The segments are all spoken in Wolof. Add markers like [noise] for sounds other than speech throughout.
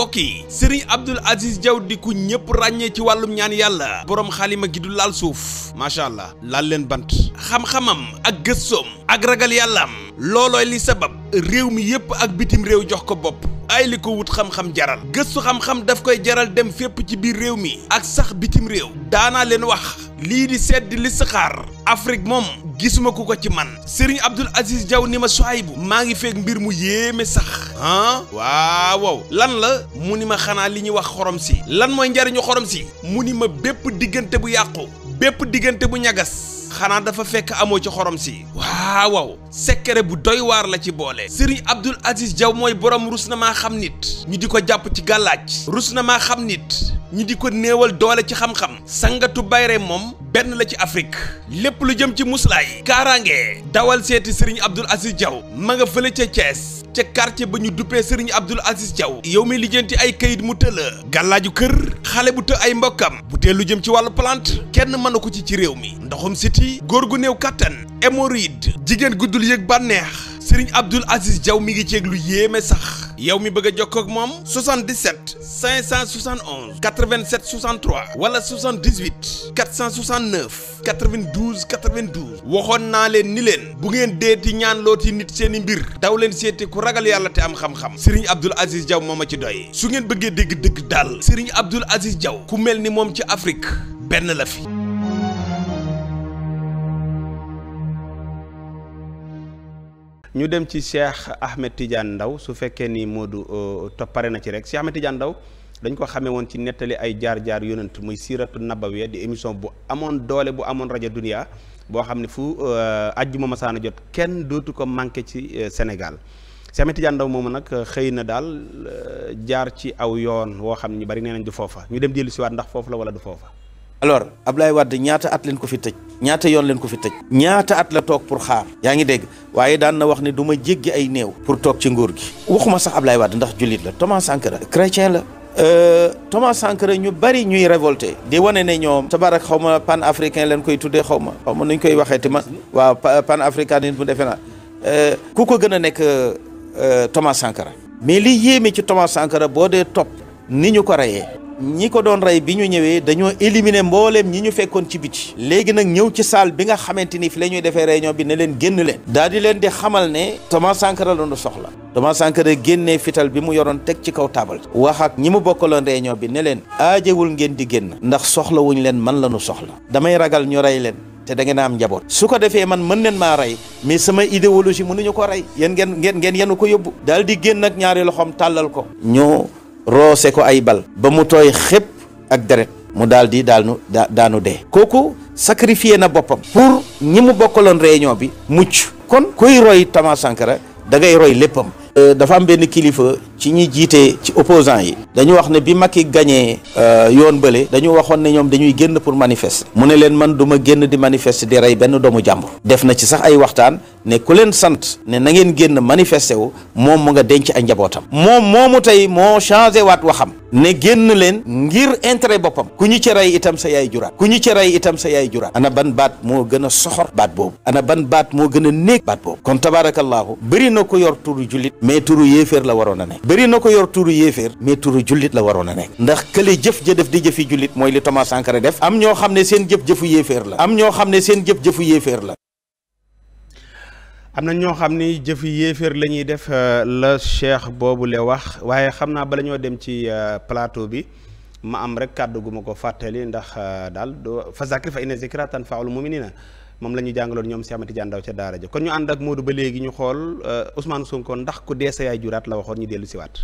mbokk yi Serigne Abdoul Aziz Diaw di ku ñëpp ràññee ci wàllum ñaan yàlla boroom xaalima gi du laal suuf macha allah laal leen bant xam-xamam ak gëstoom ak ragal yàllaam loolooy li sabab réew mi yëpp ak bitim réew jox ko bopp ay li ko wut xam-xam jaral gëstu xam-xam daf koy jaral dem fépp ci biir réew mi ak sax bitim réew daanaa leen wax lii di sedd li saxaar Afrique moom gisuma ku ko ci man Serigne Abdoul Aziz Diaw ni ma bu maa ngi feeg mbir mu yéeme sax ah waaw lan la mu ni ma xanaa li ñuy wax xorom si lan mooy njariñu xorom si mu ni ma bépp diggante bu yàqu bépp diggante bu ñagas xanaa dafa fekk amoo ci xorom si waaw waaw secret bu doy waar la ci boole Serigne Abdoul Aziz Diaw mooy borom rus na maa xam nit ñu di ko jàpp ci gàllaaj rus na maa xam nit ñu di ko néewal doole ci xam-xam sangatu bayre moom benn la ci Afrique lépp lu jëm ci muslaay kaaraange dawal seeti Serigne Abdoul Aziz Diaw ma nga fële ca cees ca quartier ba ñu duppee Serigne Abdoul Aziz Diaw yow mi lijjanti ay kayit mu tëla gàllaaju kër xale bu të ay mbokkam bu tee lu jëm ci wàllu plante kenn mënu ko ci ci réew mi ci góor gu néew kattan hémorroïde jigéen guddul yëg bànneex Serigne Abdoul Aziz jaw mi ngi ceeg lu yéeme sax yow mi bëgg a jokkoo ak moom 77 571 87 63 wala 78 469 92 92 waxoon naa leen ni leen bu ngeen deeti ñaan yi nit seen i mbir daw leen seeti ku ragal yàlla te am xam-xam Serigne Abdoul Aziz Diaw moo a ci doy su ngeen bëggee dégg dëgg daal Serigne Abdoul Aziz Diaw ku mel ni moom ci Afrique benn la fi. ñu dem ci Cheikh Ahmed Tidiane Ndaw su fekkee ni Modou euh, toppare na ci rek Cheikh Ahmed Tidiane Ndaw dañ ko xamee woon ci nettali ay jaar-jaar yonent muy siiratu nabawiya di émission bu amoon doole bu amoon rajo dunia boo xam ne fu àjjuma euh, masaana jot kenn dootu ko manqué ci euh, Sénégal Cheikh Ahmed Tidiane Ndaw moomu nag xëy na daal jaar ci aw yoon woo xam ne ñu bari nee nañ du foofa ñu dem dellu siwaat ndax foofu la wala du foofa alors Ablaye Wade ñaata at leen ko fi tëj ñaata yoon leen ko fi tëj ñaata at la toog pour xaar yaa ngi dégg waaye daan na wax ne du ma jéggi ay néew pour toog ci nguur gi waxuma sax Ablaye Wade ndax jullit la Thomas Sankara chrétien la euh, Thomas Sankara ñu bari ñuy révolté di wane ne ñoom tabarak xaw ma pan africain leen koy tuddee xaw ma xaw ma nuñ koy waxee waxeeti ma waaw pan africain bu defee naa euh, ku ko gën a nekk euh, Thomas Sankara mais li yéeme ci Thomas Sankara boo dee topp ni ñu ko reyee ñi ko doon rey bi ñu ñëwee dañoo éliminer mbooleem ñi ñu fekkoon ci biti léegi nag ñëw ci saal bi nga xamante ni fi la ñuy defee réunion bi ne leen génn leen daal di leen di xamal ne Thomas Sankara la ñu soxla Thomas Sankara génnee fital bi mu yoroon teg ci kaw taabal wax ak ñi mu bokkaloon réunion bi ne leen aajewul ngeen di génn ndax soxla wuñ leen man la ñu soxla damay ragal ñu rey leen te da ngeen a am njaboot su ko defee man mën leen maa rey mais sama idéologie mënuñu ko rey yéen ngeen ngeen ngeen yenu ko yóbbu daal di génn ak ñaari loxoom tàllal ko ñoo rose ko ay bal ba mu tooy xëpp ak deret mu daal di daanu daanu dee kooku sacrifié na boppam pour ñi mu bokkaloon réunion bi mucc kon kuy roy Thomas Sankara dangay roy léppam Euh, dafa am benn kilifa ci ñi jiite ci opposants yi dañu wax ne bi Macky gañee euh, yoon bële dañu waxoon ne ñoom dañuy génn pour manifester mu ne leen man du ma génn di manifester di rey benn doomu jàmbur def na ci sax ay waxtaan ne ku leen sant ne na ngeen génn manifester wu moom mu nga denc ay njabootam moom moo moomu tey moo changé waat waxam ne génn leen ngir intérêt boppam ku ñu ci rey itam sa yaay juraat ku ñu ci rey itam sa yaay juraat ana ban baat moo gën a soxor baat boobu ana ban baat moo gën a néeg ko yor turu mais turu yéeféer la waroon a nekk bëri na ko yor turu yéeféer mais turu jullit la waroon a nekk ndax kële jëf ja def di jëfi jullit mooy li Thomas Sankara def am ñoo xam ne seen jëf jëfu yéeféer la am ñoo xam ne seen jëf jëfu yéeféer na ñoo xam ni jëf yéeféer la ñuy def euh, la cheikh boobu le wax waaye xam naa bala ñoo dem ci euh, plateau bi ma am rek kàddu ko fàttali ndax euh, daal do fa zakir fa inna zikra nii muminina moom la ñu jàngaloon ñoom Cheikh Ahmed Tidiane Ndaw ca daara ja kon ñu ànd ak Modou ba léegi ñu xool euh, Ousmane Sonko ndax ku dee sa yaay juraat la waxoon ñu dellu siwaat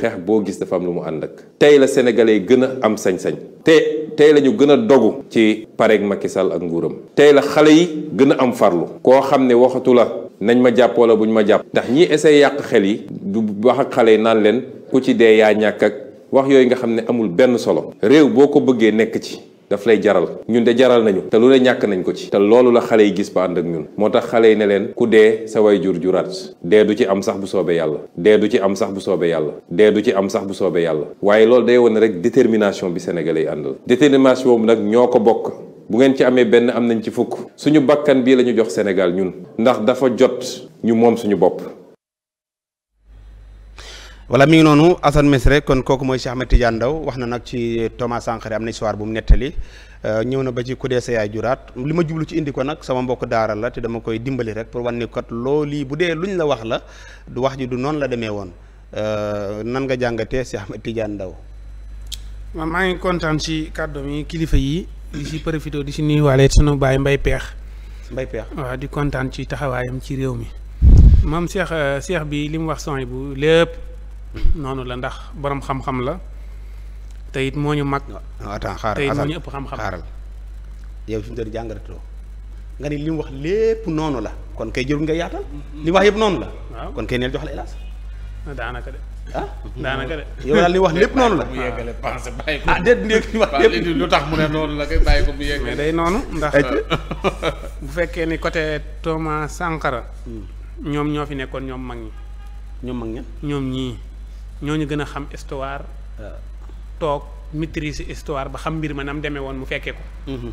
xeex boo gis dafa am lu mu ànd ak tey la sénégalais yi gën a am sañ-sañ te tey lañu gën a dogu ci pareeg Macky Sall ak nguuram tey la xale yi gën a am farlu koo xam ne waxatu la nañ ma jàpp bu ñu ma jàpp ndax ñi essayé yàq xel yi du wax ak xale yi naan leen ku ci dee yaa ñàkk ak wax yooyu nga xam ne amul benn solo boo ko bëggee nekk ci daf lay jaral ñun de jaral nañu te lu ne ñàkk nañ ko ci te loolu la xale yi gis ba ànd ak ñun moo tax xale yi ne leen ku dee sa jur jurat dee du ci am sax bu soobee yàlla dee du ci am sax bu soobee yàlla dee du ci am sax bu soobee yàlla waaye loolu day wane rek détermination bi sénégalais ànd àndal détermination boobu nag ñoo ko bokk bu ngeen ci amee benn am nañ ci fukk suñu bàkkan bii la ñu jox Sénégal ñun ndax dafa jot ñu moom suñu bopp voilà mi ngi noonu Assane rek kon kooku mooy seex ma Tidiane ndaw wax na nag ci Thomas Sankharé am na histoire bu mu nettali euh, ñëw na ba ci ku dee sa yaay juraat li ma jublu ci indi ko nag sama mbokk daara la te dama koy dimbali rek pour wan ni kat loolu bu dee ñu la wax la du wax ji du noonu la demee woon euh, nan nga jàngatee Cheikh ma Tidiane ndaw waaw maa ngi kontaan ci kàddoom mi kilifa yi di ci profité di ci nuyuwaale walee baay mbay peex mbay peex waaw di kontaan ci taxawaayam ci réew mi moom Cheikh euh, li mu wax son bu noonu la ndax borom xam-xam la te it moo ñu mag. attends xaaral te it moo ñu ëpp xam-xam xaaral yow fi mu doon nga ni li mu wax lépp noonu la kon kay jël nga yaatal. li wax yëpp noonu la. kon kay jox la hélas. daanaka de. ah daanaka de. li wax lépp noonu la. [laughs] bu yeggale ah, lu tax mu ne noonu mais day noonu ndax bu fekkee ni côté Thomas Sankara. Hmm. ñoom ñoo fi nekkoon ñoom mag ñi. ñoom mag ña ñoom ñii. ñoo ñu gën a xam histoire toog maîtriser histoire ba xam mbir ma nam demee woon mu fekkee ko mm-hmm.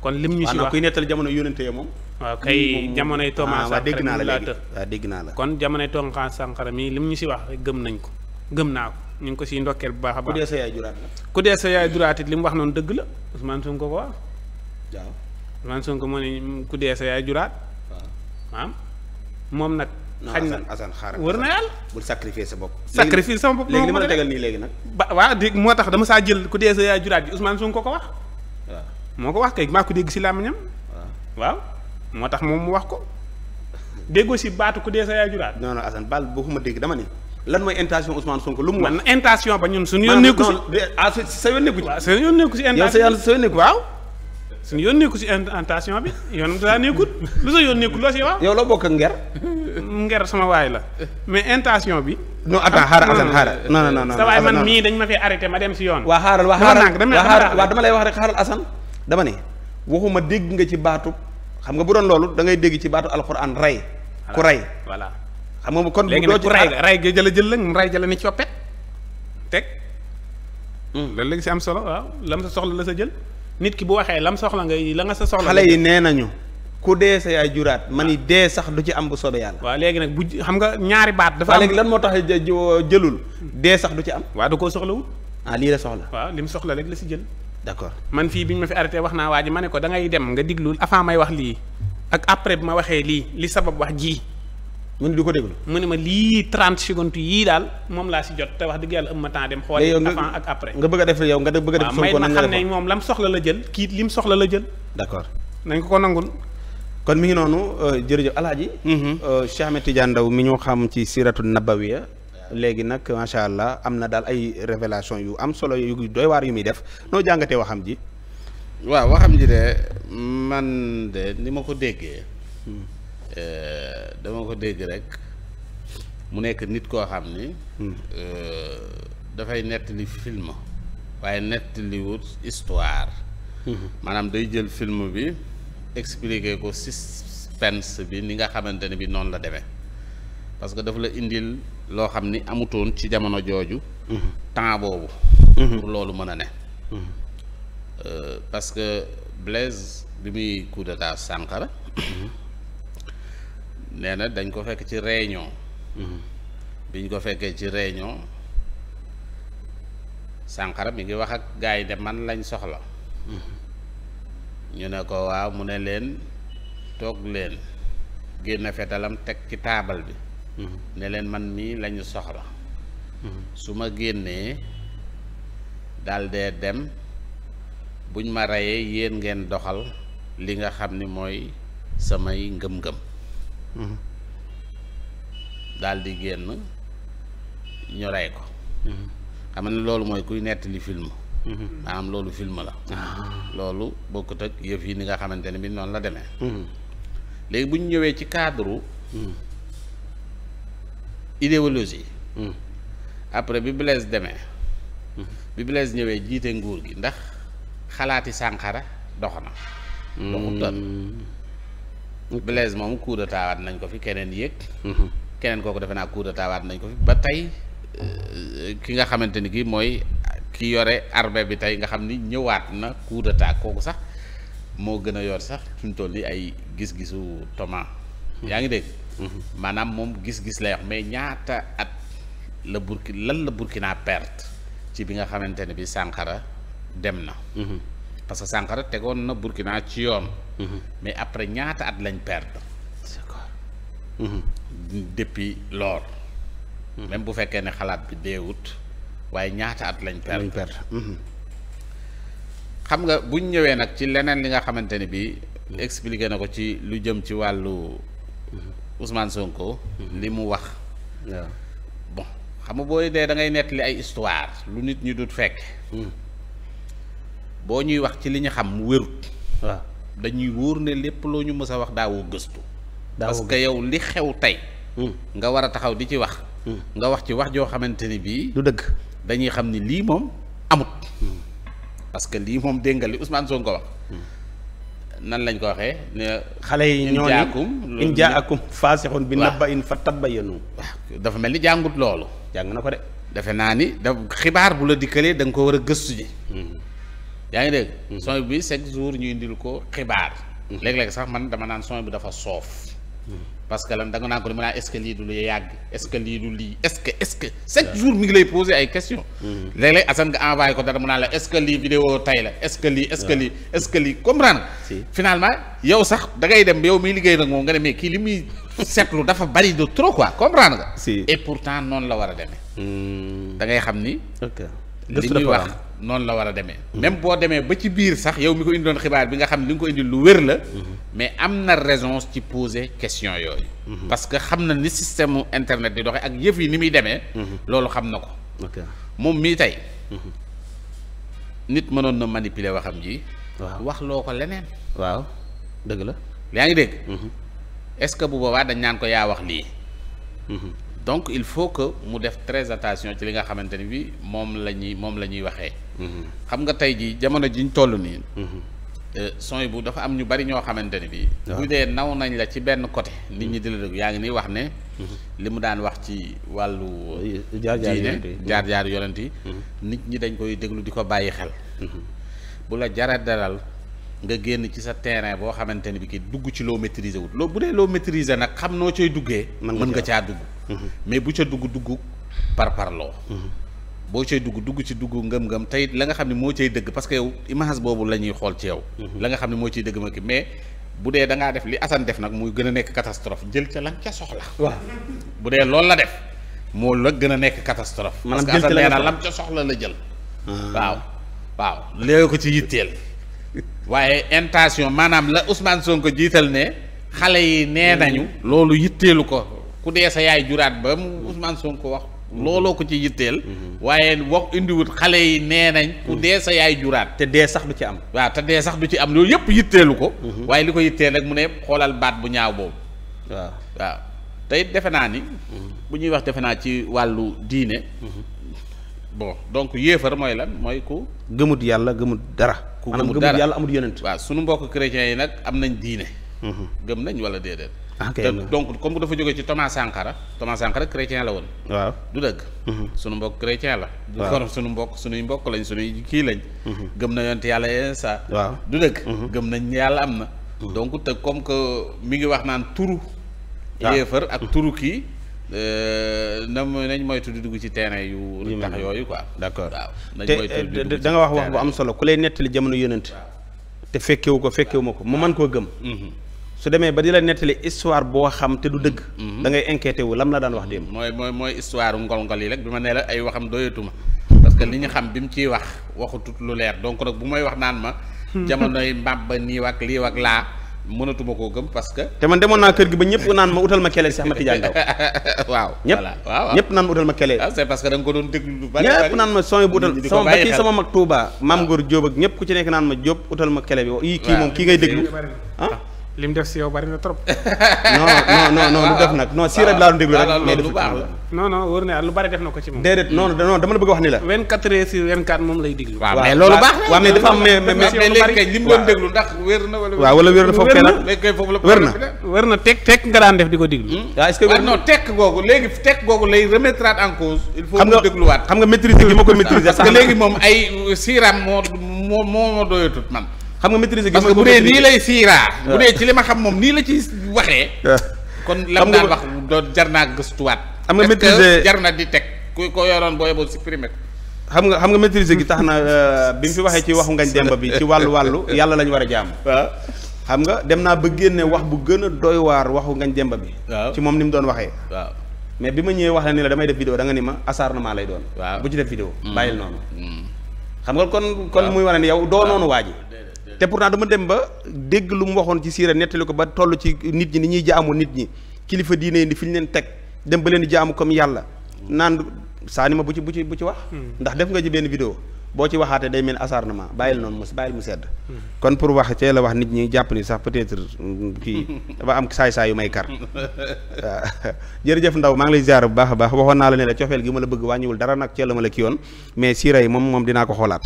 kon lim ñu si wax kuy nettal jamono yónnante moom waaw kay jamonoy ah, Thomas Sankara la waaw dégg naa la kon jamonoy Thomas Sankara mi lim ñu si wax gëm nañ ko gëm naa ko ñu ngi ko siy ndokkeel bu baax a baax ku dee sa yaay duraat ku dee sa yaay duraat it li mu wax noonu dëgg la Ousmane Sonko ko wax waaw Ousmane Sonko moo ne ku dee sa yaay duraat moom nag xañ na Assane xaaral wër na yàlla bul sacrifier sa bopp sacrifier sama bopp léegi li ma la tegal nii léegi nag ba waaw dégg moo tax dama saa jël ku dee sa yaay juraat ji Ousmane Sonko ko wax waaw moo ko wax kay maa ko dégg si làmmiñam waaw moo tax moom mu wax ko déggoo si baatu ku dee sa yaay juraat non non baal bu ma dégg dama ni lan mooy intention Ousmane Sonko lu mu wax intention ba ñun su ah, yoon nekku si sa yoon nekku si sa yoon nekku si intention sa yoon nekku waaw suñ yónneeku nekku si intention bi yoonam daa nekkut lu sa yónneeku nekkut loo si wax. yow la bokk ak nger. nger sama waay la mais intention bi. non attends xaaral Assane xaaral. non non non sa waay man mii dañ ma fee arrêté ma dem si yoon. waa xaaral waa xaaral waa dama lay wax rek xaaral Assane dama ne waxuma dégg nga ci baatu xam nga bu doon loolu da ngay dégg ci baatu alxuraan rey. ku rey voilà. xam nga kon bu doo ci rey rey ga jëla jël la rey jëla ni coppet teg. Hmm. loolu léegi si am solo waaw lam sa soxla la sa jël. nit ki bu waxee lam soxla nga la nga sa soxla. xale yi nee nañu ku dee sa yaay juraat ma ni dee sax du ci am bu soobee yàlla. waaw léegi nag bu xam nga ñaari baat. dafa am lan moo tax jëlul dee sax du ci am. waaw da koo soxla ah lii la soxla. waaw li mu soxla rek la si jël. d'accord man fii bi ñu ma fi arrêté wax naa waa ji ma ne ko da ngay dem nga diglu avant may wax lii ak après bi ma waxee lii li sabab wax jii mu ne du ko déglu mu ne ma lii 30 secondes yii daal moom laa si jot te wax dëgg yàlla am ma temps dem xool avant ak après nga bëgg a def yow nga bëgg a def may ma xam ne moom lam soxla la jël kiit lim soxla la jël d'accord nañ ko ko nangul kon mi ngi noonu euh, jërëjëf alaaji mhm. euh, Cheikh Ahmed Tidiane Ndao mi ñu xam ci siratu nabawiya léegi nag macha allah am na daal ay révélation yu am solo yu doy waar yu muy def noo jàngatee waxam ji waaw waxam ji de man de ni ma ko déggee hmm. Euh, dama ko dégg rek mu nekk nit koo xam ni. Hmm. Euh, dafay nettali film waaye nettaliwut histoire. Hmm. maanaam day jël film bi expliquer ko suspense bi ni nga xamante ne bi noonu la demee parce que dafa la indil loo xam ni amutoon ci jamono jooju. Hmm. temps boobu. pour loolu mën a ne. Euh, parce que Blaise bi muy coup d'état nee na dañ ko fekk ci réunion. Mhm. biñ ko fekkee ci réunion Sankara mi ngi wax ak gars yi de man lañ soxla. Mhm. ñu ne ko waaw mu ne leen toog leen génn fetalam teg ci taabal bi. Mhm. ne leen man mii lañu soxla. su ma génnee daal dee dem buñ ma reyee yéen ngeen doxal li nga xam ni mooy samay ngëm-ngëm. Mhm. dal di génn ñu rey ko mhm. xam ne loolu mooy kuy nettali film mhm. maanaam loolu film la ah. loolu bokkut ak yëf yi ni nga xamante ne bi noonu la demee léegi bu ñu ñëwee ci cadre idéologie après bi Blaise demee bi Blaise ñëwee jiite nguur gi ndax xalaati Sankara dox na Blaise moom coup nañ ko fi keneen yéeg. Mhm. keneen kooku defe naa coup de nañ ko fi ba tey euh, ki nga xamante ni kii mooy ki yore arbe bi tey nga xam ni ñëwaat na coup de kooku sax moo gën a yor sax fi mu toll nii ay gis-gisu Thomas. Mhm. yaa ngi dégg. Mhm. maanaam moom gis-gis la wax mais ñaata at la Burkina lan la Burkina perte ci bi nga xamante ne bi Sankara dem na. parce que Sankara tegoon na Burkina ci yoon. Mhm. mais après ñaata at lañ perdre. d'accord. Mhm. depuis lors. Mhm. bu fekkee ne xalaat bi deewut waaye ñaata at lañ perdre. lañ perdre. xam nga buñ ñëwee nag ci leneen li nga xamante ni bii. expliqué na ko ci lu jëm ci wàllu Ousmane Sonko. li mu wax. bon xam nga booy dee da ngay nettali ay histoire lu nit ñi dut fekk. boo ñuy wax ci li ñu xam mu wérut waaw dañuy wóor ne lépp loo ñu mës a wax daawoo gëstu parce que yow li xew tey hmm. nga war a taxaw di ci wax hmm. nga wax ci wax joo xamante ni bii lu dëgg dañuy xam ni lii moom amut hmm. parce que lii moom dégg nga li Ousmane Sonko wax nan lañ ko waxee xale yi ñoo ni in jaakum faasixun bi nabba in fa tabayanu waaw dafa mel ni jàngut loolu jàng na ko de defe naa ni da xibaar bu la dikkalee da nga ko war a gëstu ji yaa ngi dégg. Mhm. son bi chaque jour ñu indil ko xibaar. Mhm. léeg-léeg sax man dama naan son bi dafa soof. Mhm. parce que lan da nga naan ko dama naan est que lii du lu yàgg est ce que lii du lii est ce que est ngi lay poser ay questions. léeg-léeg Assane nga envoyé ko dara mu naan la est ce que lii la est ce que lii. que lii est ce que lii comprendre nga. finalement yow sax da ngay dem yow miy liggéey nag moom nga ne mais kii li muy seetlu dafa bari de trop quoi comprendre nga. et pourtant noonu la war a demee. Hmm. da ngay xam ni. li ñuy wax noonu la war a demee même boo demee ba ci biir sax yow mi ko indiloon xibaar bi nga xam ne li ko indil lu wér la mais am na raison ci poser question yooyu mhm. parce que xam na ni système internet di doxee ak yëf yi ni muy demee mhm. loolu xam na ko moom mii tey mhm. nit mënoon na manipuler waxam ji waaw wax loo ko leneen waaw dëgg la yaa ngi dégg est-ce que bu boobaa dañ naan ko yaa wax lii donc il faut que mu def très attention ci li nga xamante ni bi moom la ñuy moom la ñuy waxee. Mm-hmm. xam nga tey jii jamono ñu toll nii. Mm-hmm. Euh, son bu dafa am ñu bari ñoo xamante ni bi ah. bu dee naw nañ la ci benn côté. nit ñi di la dégg yaa ngi nii wax ne. Mm-hmm. li mu daan wax ci wàllu. diine jaar jaar yonent yi nit ñi dañ koy déglu di ko bàyyi xel. bu la jara dalal nga génn ci sa terrain boo xamante ni bi ki dugg ci loo maîtriser wut loo bu dee loo maîtriser nag xam noo cay duggee mën nga caa dugg mm-hmm. mais bu ca dugg dugg par parloo mm-hmm. boo cay dugg dugg ci dugg ngëm-ngëm tey la nga xam ne moo cay dëgg parce que image boobu la ñuy xool ci yow mm-hmm. la nga moo ciy dëgg ma ki mais bu dee da ngaa def li Assane def nag muy gën a nekk catastrophe jël ca la ca soxla waaw bu dee loolu la def moo la gën a nekk catastrophe parce que Assane nee na lam ca soxla la jël ah. waaw waaw léegi ko ci yitteel waaye intention maanaam la Ousmane ko jiital ne xale yi nee nañu. loolu yitteelu ko ku dee sa yaay juraat ba mu son ko wax. looloo ko ci yitteel. waaye wax indiwut xale yi nee nañ. ku dee sa yaay juraat. te dee sax du ci am. waaw te dee sax du ci am loolu yëpp yitteelu ko. Mhm. waaye li ko yitteel rek mu ne xoolal baat bu ñaaw boobu. waaw waaw te defe naa ni. Mhm. bu ñuy wax defe naa ci wàllu diine. Mhm. bon donc yéefar mooy lan mooy ku. gëmut yàlla gëmut dara. ku gëmut dara yàlla amut yonent. waaw sunu mbokk chrétiens yi nag am nañ diine. Mhm. gëm nañ wala déedéet. Ah, donc comme dafa jógee ci Thomas Sankara Thomas Sankara chrétien la woon. waaw du dëgg. Mhm. sunu mbokk chrétien la. du korom sunu mbokk sunuy mbokk lañ sunuy kii lañ. Mhm. gëm na yonent yàlla saa. waaw du gëm nañ yàlla am na. donc te comme que mi ngi wax naan turu. Ah. yéefar ak turu kii. nam euh, nañ moytu di dugg ci terrain yu. yu yooyu quoi. d'accord waaw te eh, da wax wax bu am solo ku lay nettali jamono yonent te fekkewu ko fekkewu ma ko mu man koo gëm. Mm-hmm. su demee ba di la nettali histoire boo xam te du dëgg. Mm-hmm. da ngay inquiété wu lam la daan wax démb. mooy mooy mooy histoire ngol-ngol yi rek bi ma nee la ay waxam doyatuma. parce que li ñu xam bi mu ciy wax waxutut lu leer donc nag bu may wax naan ma. Hmm. jamonoy mbàbb nii wak lii wak laa. mënatuma koo gëm parce que. te man demoon naa kër gi ba ñëpp naan ma utal ma kele Cheikh Ahmed Tidiane Ndao. [laughs] waaw ñëpp ma utal ma kele. waaw ah, ko doon déglu lu bari. ñëpp naan ma sooy bu utal sama ba mag Touba. Maam ah. Ngor Diop ak ku ci nekk naan ma Diop utal ma kele bi. waaw kii moom kii ngay déglu ah, ah. li mu def si yow bari na trop. [laughs] non non non lu def nag non si laa doon déglu rek. mais baax la non non wóor na lu bari def na ko ci moom. déedéet non non dama la bëgg wax ni la. 24 heures sur 24 moom lay déglu. waaw mais loolu baax na na wala. waaw wala wér na foofu kay nag na wér na tekk tekk nga daan def di ko déglu. Hmm? waaw est-ce que wér non tekk googu léegi tekk googu lay remettre en cause. xam nga maîtriser gi ma ko maîtriser. parce léegi moom ay euh, siiram moo moo moo doyatut man xam nga maîtriser gi parce que bu dee nii lay siiraa bu dee ma xam moom nii la ci waxee kon lam daan wax doon jar naa gëstuwaat xam nga maîtriser jar na di teg ku ko yoroon boo yeboo supprimer ko xam nga xam gi tax na euh, bi mu fi waxee ci waxu ngañ demba bi ci wàllu wàllu [laughs] yàlla lañu war a jaam xam nga dem naa ba génne wax bu gën a doy waar waxu ngañ demba bi ci moom ni mu doon waxee mais bi ma ñëwee wax la ni la damay def vidéo da nga ni ma acharnement lay doon bu ci def vidéo mm. bàyyil noonu mm. xam nga kon kon muy wane ni yow doo noonu waa ji te pour pourtant dama dem ba dégg lu mu waxoon ci siira nettali ko ba toll ci nit ñi ni ñuy jaamu nit ñi kilifa diine yi fi ñu leen teg dem ba leen di jaamu comme yàlla naan saani ma bu ci bu ci bu ci wax. Hmm. ndax def nga ci benn vidéo boo ci waxaatee day mel acharnement bàyyil noonu mu bàyyil mu sedd. Hmm. kon pour wax cee la wax nit ñi jàpp ni sax peut hmm, kii [laughs] dafa am saay-saay yu may kar waaw [laughs] jërëjëf ndaw maa ngi lay bu baax a baax waxoon naa la ne la cofeel gi ma la bëgg wàññiwul dara nag cee la ma moom moom dinaa ko xoolaat.